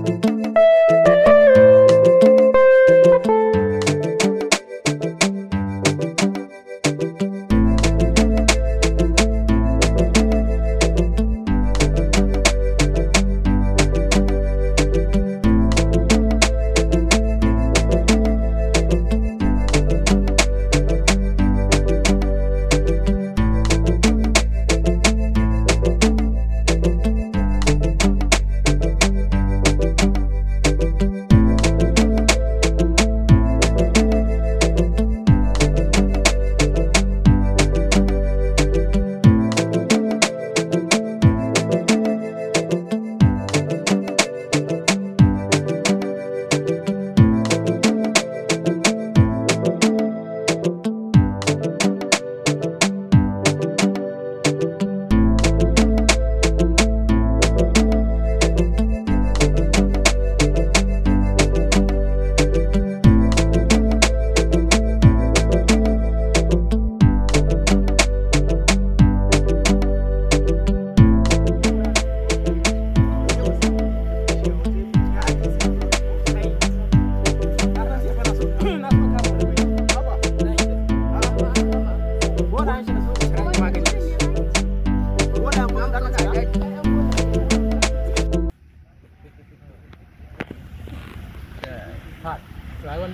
Thank you.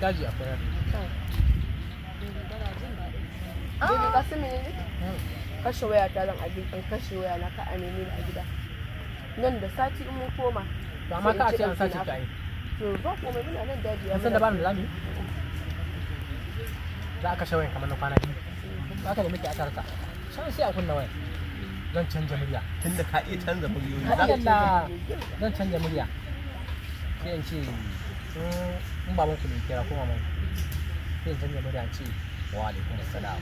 daji ah. kashe waya ta zan abin in kashe waya na ka amini gida nan da sati in mun koma ka ce an ta yi to ba nan daji ya san ba mm. za a kashe wayan kamar na kwana biyu ba ka da muke sai a kunna wayan zan murya tunda ka iya canza muryoyi zan murya sai in ce in ba maki bai kira kuma mai sai san da murya ce wa alaikum assalam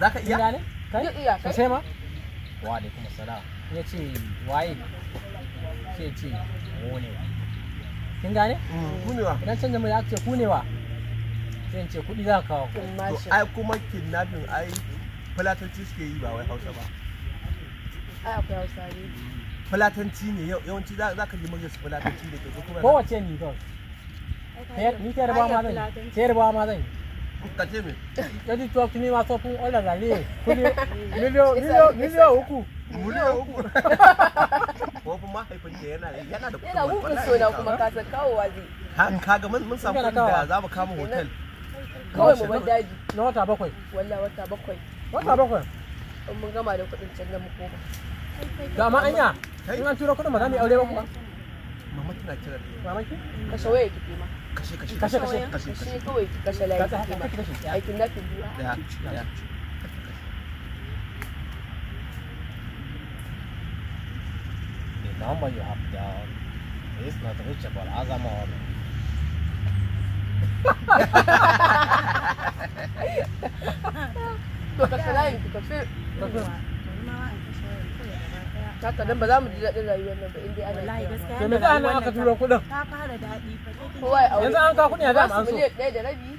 za ka iya ne kai iya kai sai ma wa alaikum assalam ya ce waye sai ce mu ne wa kin gane ku mm. ne wa idan canza murya ce ku ne wa sai ce kuɗi za ka kawo to ai kuma kidnapping ai fulatanci suke yi ba wai hausa ba ai akwai hausa ne fulatanci ne yawanci za ka ji muryar su fulatanci ne. kyau kowace ni kawai ni ta yarba ma zan ta yarba ma zan ka ce me jadi tuwa kini ma so ola gale kuni miliyo miliyo uku miliyo uku ko kuma haifinta yana yana da kuma yana so na kuma ka san kawo wazi kaga mun samu da za mu kama hotel kawai mu ban daji na wata bakwai wallahi wata bakwai wata bakwai in mun gama da kuɗin can da mu koma dama anya in an tura kuɗin ba za mu yi aure ba kuma mama tana kira da mama ki kashe waya ki ma kashe kashe kashe kashe kashe kawai ki kashe layi ki ma aikin da ki biya da da The number you have down is not reachable as a mom. Ha ha ha ha ha! to ka tsaya haka ba za mu ji daɗin rayuwar nan ba in ana a aka turo kuɗin yanzu an ka mu an so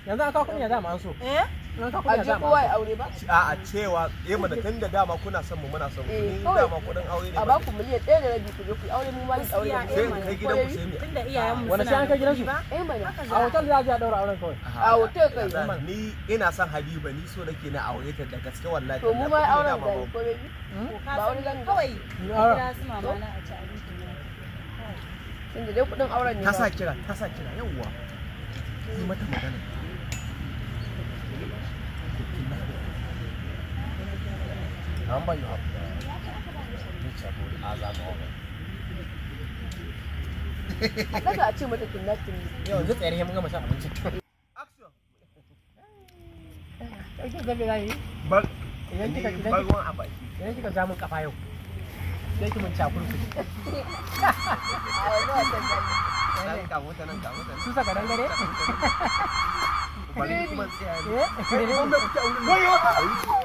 yanzu an ka an so eh a ji kowa ya aure ba a cewa eh mana tun da dama kuna son mu muna son mu. Eh, ni dama kudin aure ne ba a baku miliyan ɗaya da rabi ku je ku aure mu ma ni aure eh, sai kai gidan ku sai tunda iyayen mu wani sai an kai gidan su eh mana a hotel za a je a daura auren kawai a hotel kai ni ina son Habiba ni so nake na aure ta da gaske wallahi to mu ma auren da ko baby ba wani hmm? zan kawai kira su mama na a ci abinci tunda dai kudin auren ne ta sa kira ta sa kira yawwa yi mata magana number you have reachable as an order. Kada a ce mata kidnapping. Yau duk tsayar mun gama shan abinci. Action. Kike zabe zai. Ba idan kika kidan ba ruwan abai. Idan kika ja mun kafa yau. Sai ki mun cakurku. Ai ba ta gani. Ka mota nan ka mota. Su saka dan gare. Bari kuma tsaya. Eh? Wai eh. wai.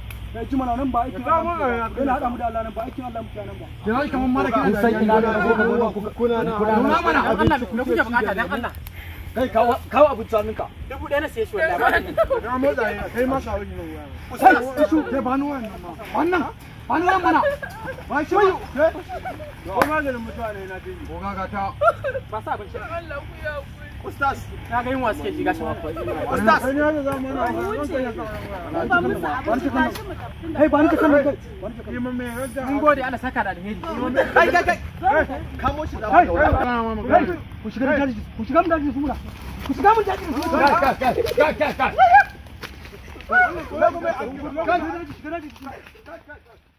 ya ji nan ba aikin Allah yana hada mu da Allah nan ba aikin Allah ba da zai kaman mara kina da sai kuna na mana Allah Allah kai kawo kawo abin tsaninka dubu ɗaya na sai shi wallahi na motsa kai ma shawo ne sai su ke banu wannan ma wannan mana ba shi ko maganin mutane na ko ta ba sa ban shi Allah ku ya ku Ustaz, ga yin wasu ke shiga shi Ustaz, ba saka